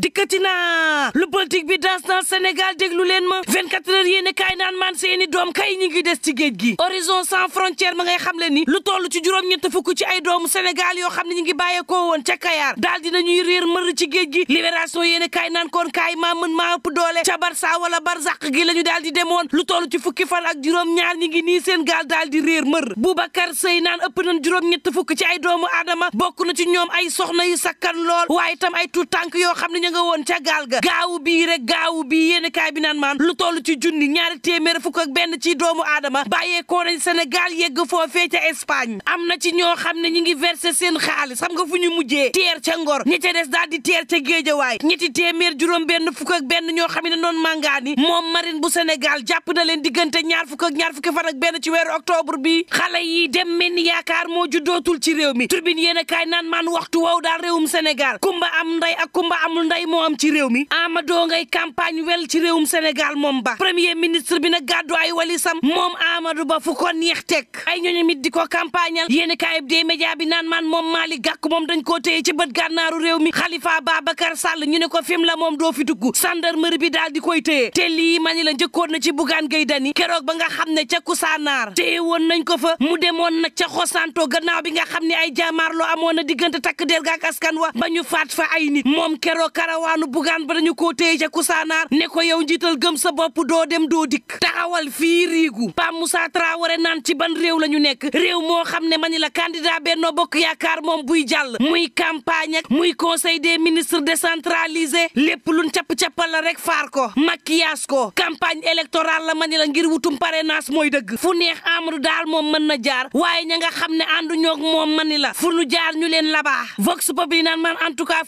dikkati naa lu politique bi dans na Sénégal déglu leen ma 24 heures yéen kaay naan man seeni doom kay ñi ngi des ci géej gi horizon sans frontière ma ngay xam le ni lu toll ci juróom-ñett fukk ci ay doomu Sénégal yoo xam ne ñi ngi bàyyeekoo woon ca Kayaar daal dinañuy réer mër ci géej gi libération yéen a kaay naan koon kaay maa mën maa ëpp doole ca Barça wala Barzak gi la ñu daal di demoon lu toll ci fukki fan ak juróom-ñaar ñi ngi ni seen gaal daal di réer mër Boubacar Seye naan ëpp nañ juróom fukk ci ay doomu aadama bokk na ci ñoom ay soxna yu sakkan lool waaye itam ay tuut tànk yoo xam ne ña nga woon ca gaal ga gaawu bi rek gaawu bi yéen kaay bi naan maan lu toll ci junni ñaari téeméer fukk ak benn ci doomu aadama bàyyeekoo nañ Sénégal yegg foofee ca Espagne am na ci ñoo xam ne ñi ngi versé seen xaalis xam nga fu ñu mujjee teer ca Ngor ñi ca des daal di teer ca Géejawaay ñetti téeméer juróom benn fukk ak benn ñoo xam ne noonu màngaani moom marin bu senegal jàpp na leen diggante ñaar fukk ak ñaar fukki fan benn ci weeru octobre bi xale yi dem mel ni yaakaar moo juddootul ci réew mi turbine yéen kaay naan maan waxtu wow daal réewum Sénégal kumba am nday ak kumba amul nday moo am ci réew mi Amadou ngay campagne wel ci réewum Sénégal moom ba premier ministre bi nag gàddu ay walisam moom Amadou Ba fu ko neex teg ay ñooñu mit di ko campagnal yéeni kaayib dee média bi naan maan moom Malick Gakou moom dañ ko téye ci bët gànnaaru réew mi ba Babacar Sall ñu ne ko fim la moom doo fi dugg gendarmerie bi daal di koy téye te lii ma ni la njëkkoon na ci Bougane Gueye Dany keroog ba nga xam ne ca Koussanar téye woon nañ ko fa mu demoon nag ca Xosanto gannaaw bi nga xam ne ay jaamaarloo amoon na diggante takk der ga ak askan wa ba ñu faat fa ay nit moom keroog karawaanu bugaan ba dañu koo téye ca kusaanaar ne ko yow njiital gëm sa bopp doo dem doo dikk taxawal fii riigu Pape Moussa Traoré naan ci ban réew la ñu nekk réew moo xam ne mani la candidat Benno Bokk Yaakaar moom buy jàll muy campagne ak muy conseil des ministres décentralisé lépp lu capp-cappal la rek faar ko maquillage ko campagne électorale la mani la ngir wutum parrainage mooy dëgg fu neex Amadou daal moom man na jaar waaye ña nga xam ne àndu ñoog moom mani la fu ñu leen labaa vox populi naan man en tout cas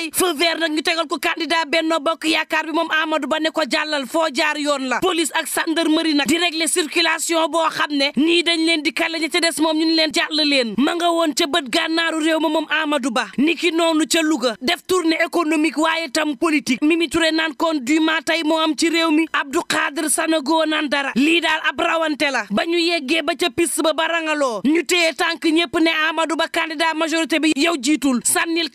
waay feu vert nag ñu tegal ko candidat Benno Bokk Yaakaar bi moom Amadou Ba ne ko jàllal foo jaar yoon la police ak gendarmerie nag di régler circulation boo xam ne ñii dañ leen di kàlla ña ca des moom ñu ni leen jàll leen ma nga woon ca bët gànnaaru réew ma moom Amadou Ba niki noonu ca Louga def tournée économique waaye tam politique mi mi ture kon du tey moo am ci réew mi Abdou Khadre Sanogo naan dara lii daal ab rawante la ba ñu yeggee ba ca piste ba ba rangaloo ñu téye tànk ñëpp ne Amadou Ba candidat majorité bi yow jiitul sànnil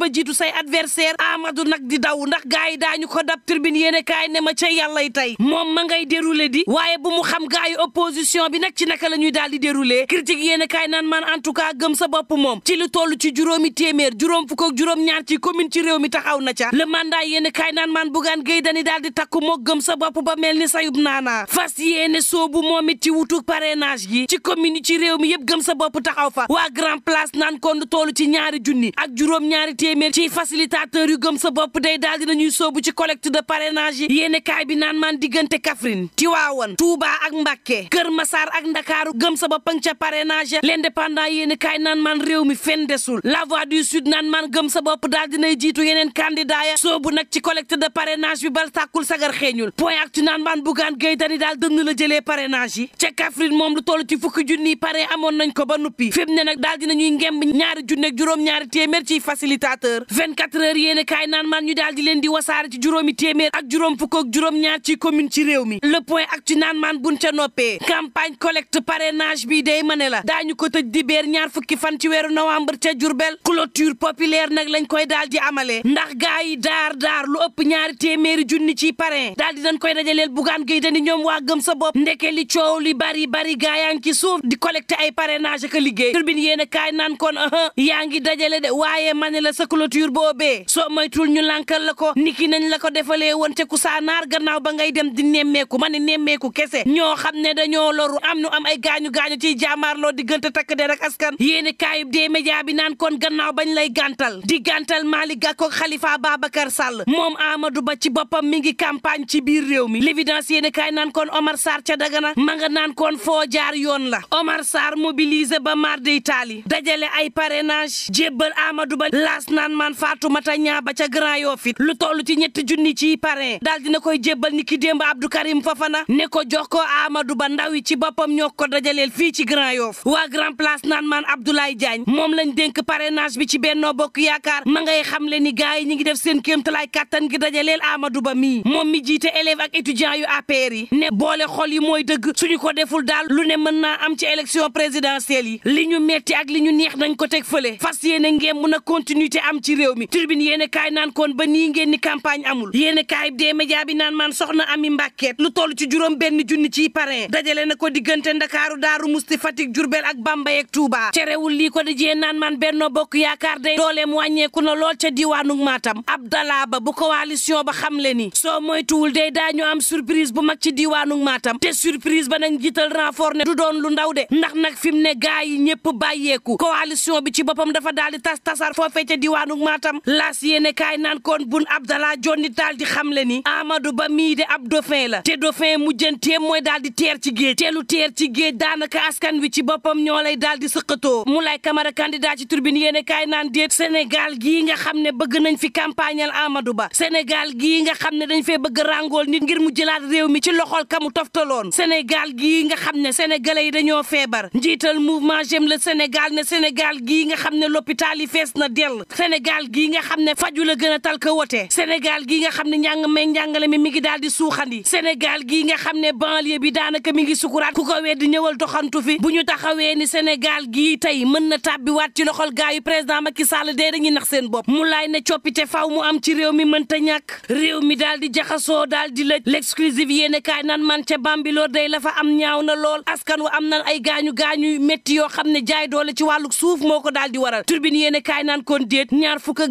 ba jiitu say adversaire Amadou nag di daw ndax gars yi daañu ko dab turbine yéene kaay ne ma ca yàllay tey moom ma ngay déroulé di waaye bu mu xam gars yi opposition bi nag ci naka la ñuy daal di déroulé critique yéene kaay naan man en tout cas gëm sa bopp moom ci lu toll ci juróomi téeméer juróom fukk ak juróom-ñaar ci commune ci réew mi taxaw na ca le mandat yéene kaay naan man bugaan géy dani daal di takku moo gëm sa bopp ba mel ni sayub naanaa fas yéene soobu moom ci wutu parrainage gi ci commune ci réew mi yëpp sa bopp taxaw fa waa grand place naan kon lu facilitateur yu gëm sa bopp day daal dina ñuy soobu ci collecte de parrainage yi yéene kaay bi naan maan diggante Kaffrine Tiwaawan Touba ak Mbacké Kër Massar ak Ndakaaru gëm sa bopp nga ca parrainage l'indépendant yéene kaay naan maan réew mi fenn desul la voix du sud naan maan gëm sa bopp daal dinay jiitu yeneen candidat ya soobu nag ci collecte de parrainage bi bal tàkkul sagar xeeñul point ak ci naan maan Bougane Gueye Dany daal dënn la jëlee parrainage yi ca moom lu toll ci fukki junniy parrain amoon nañ ko ba nuppi fi nag daal dinañuy ngemb ñaari junni ak juróom-ñaari téeméer ciy facilitateur 24 heures yéen a kaay naan maan ñu daal di leen di wasaare ci juróomi téeméer ak juróom fukk ak juróom-ñaar ci commune ci réew mi le point ak ci naan maan buñ ca noppee campagne collecte parrainage bi day ma ne la daañu ko tëj di beer ñaar fukki fan ci weeru novembre ca Jurbel clôture populaire nag lañ koy daal di amalee ndax gaa daar daar lu ëpp ñaari téeméeri junni ci parrain daal di nañ koy dajaleel bugaan géy dani ñoom waa gëm sa bopp ndeke li coow li bari bari gaa yaa ngi ci suuf di collecté ay parrainage ak liggéey turbine yéen a naan kon uh-huh, yaa ngi dajale de waaye ma ne la sa boo boobee soo moytul ñu lànkal la ko niki nañ la ko defalee woon ca kusaanaar gannaaw ba ngay dem di nemmeeku ma ne nemmeeku kese ñoo xam ne dañoo loru am nu am ay gaañu-gaañu ciy jaamaarloo diggante takk der ak askan yéeni kaayub dee média bi naan kon gannaaw bañ lay gàntal di gàntal Malick Gakou Khalifa Babacar Sall moom Amadou Ba ci boppam mi ngi campagne ci biir réew mi l'évidence yéeni kaay naan kon Omar Sarr ca Dagana ma nga naan kon foo jaar yoon la Omar Sarr ba mar dey atumata Niang ba ca Grand Yoff it lu toll ci ñetti junni ci parrain daal dina koy jébbal ni ki démb Abdou Karim Fofana ne ko jox ko Amadou Ba ndaw yi ci boppam ñook ko dajaleel fii ci Grand Yoff waa Grand Place naan maan Abdoulaye Diagne moom lañ dénk parrainage bi ci Benno Bokk Yaakaar ma ngay xamle ni gaay yi ñi ngi def seen kéemtalaay kattan gi dajaleel amadu Ba mii moom mi jiite élève ak étudiant yu APR yi ne boole xol yi mooy dëgg suñu ko deful daal lu ne mën naa am ci élection présidentielle yi li ñu metti ak li ñu neex nañ ko teg fële fas yéene ngeen mën a continuité am ci réew mi mi turbine yéen kaay naan kon ba nii ngeen ni campagne amul yéen kaay dee média bi naan man soxna ami mbàkkeet lu toll ci juróom benn junni ci parrain dajale na ko diggante ndakaaru daaru musti Fatick Jurbel ak Bambey ak Touba cerewul lii ko dajee naan man Benno Bokk Yaakaar day mu wàññeeku na lool ca diwaanu Matam Abdallah Ba bu coalition ba xam le ni soo moytuwul day daañu am surprise bu mag ci diwaanu Matam te surprise ba nag jiital renfort ne du doon lu ndaw de ndax nag fi mu ne gaa ñëpp bàyyeeku coalition bi ci boppam dafa daal di tas itam las yéene kaay naan koon bun Abdallah jonni taal di xam le ni Amadou Ba mii de ab dauphin la te dauphin mujjantee mooy daal di teer ci géej te lu ci géej daanaka askan wi ci boppam ñoo lay daal di sëqatoo mu lay Camara candidat ci turbine yéene kaay naan déet Sénégal gi nga xam ne bëgg nañ fi campagnal Amadou Ba senegal gii nga xam ne dañ fee bëgg rangool nit ngir mu jëlaat réew mi ci loxol kamu toftaloon Sénégal nga xam ne sénégalais yi dañoo feebar njiital mouvement J'aime le Sénégal ne Sénégal gi nga xam ne l'hôpital yi fees na dell Sénégal gi nga xam ne faju la gën a tal ka wote Sénégal gi nga xam ne njàng meeg njàngale mi mi ngi daal di suuxandi Sénégal gi nga xam ne banlieue bi daanaka mi ngi sukuraat ku ko weddi ñëwal doxantu fi bu ñu taxawee ni Sénégal gii tey mën na tàbbiwaat ci loxol gaayu président Macky Sall dee dañuy nax seen bopp mu laay ne coppite faw mu am ci réew mi mënta ñàkk réew mi daal di jaxasoo daal di lëj l'exclusive yéene kaay naan man ca Bambilor day la fa am ñaaw na lool askan wa am nan ay gaañu gaañu métti yoo xam ne jaay doole ci wàllu suuf moo ko daal di waral turbine yéene kaay naan kon déet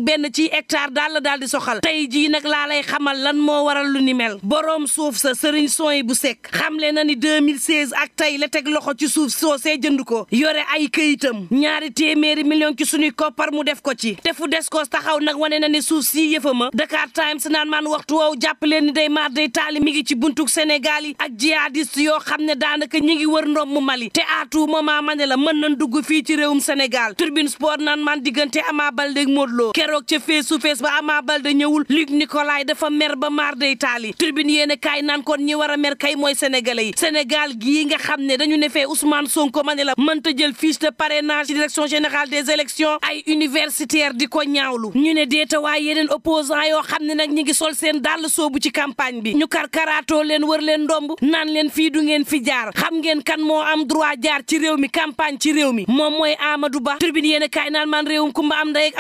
benn ci hectare daal la daal di soxal tey ji nag laa lay xamal lan moo waral lu ni mel boroom suuf sa sëriñ son yi bu sekk xamle na ni 2016 ak tey la teg loxo ci suuf soo see jënd ko yore ay këyitam ñaari téeméeri million ci suñuy koppar mu def ko ci te fu des ko xaw nag wane na ni suuf si yëfa ma Dakar Times naan man waxtu woowu jàpp leen ni day maar day taali mi ngi ci buntuk Sénégal yi ak jihadiste yoo xam ne daanaka ñi ngi wër ndoom mu Mali te à tout moment ma la mën nañ dugg fii ci réewum Sénégal turbine sport naan man diggante Ama Baldé ak Modou keroog ca face to face ba Ama Baldé ñëwul Luc Nicolaï dafa mer ba maar day taali tribune yéen a kaay naan kon ñi war a mer kay mooy sénégalais yi Sénégal gii nga xam ne dañu ne fee Ousmane Sonko ma ne la mënta jël fiche de parrainage direction générale des élections ay universitaire di ko ñaawlu ñu ne deeta waaye yeneen opposant yoo xam ne nag ñi ngi sol seen dàll soobu ci campagne bi ñu karkaraatoo leen wër leen ndomb naan leen fii du ngeen fi jaar xam ngeen kan moo am droit jaar ci réew mi campagne ci réew mi moom mooy Amadou Ba tribune yéen a kaay naan man réewum am ndey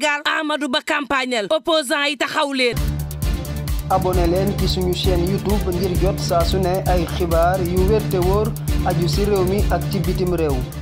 Sénégal Amadou Ba campagnal opposant yi taxaw leen. abonné leen ci suñu chaîne YouTube ngir jot saa su ne ay xibaar yu wér te wóor aju si réew mi ak ci bitim réew.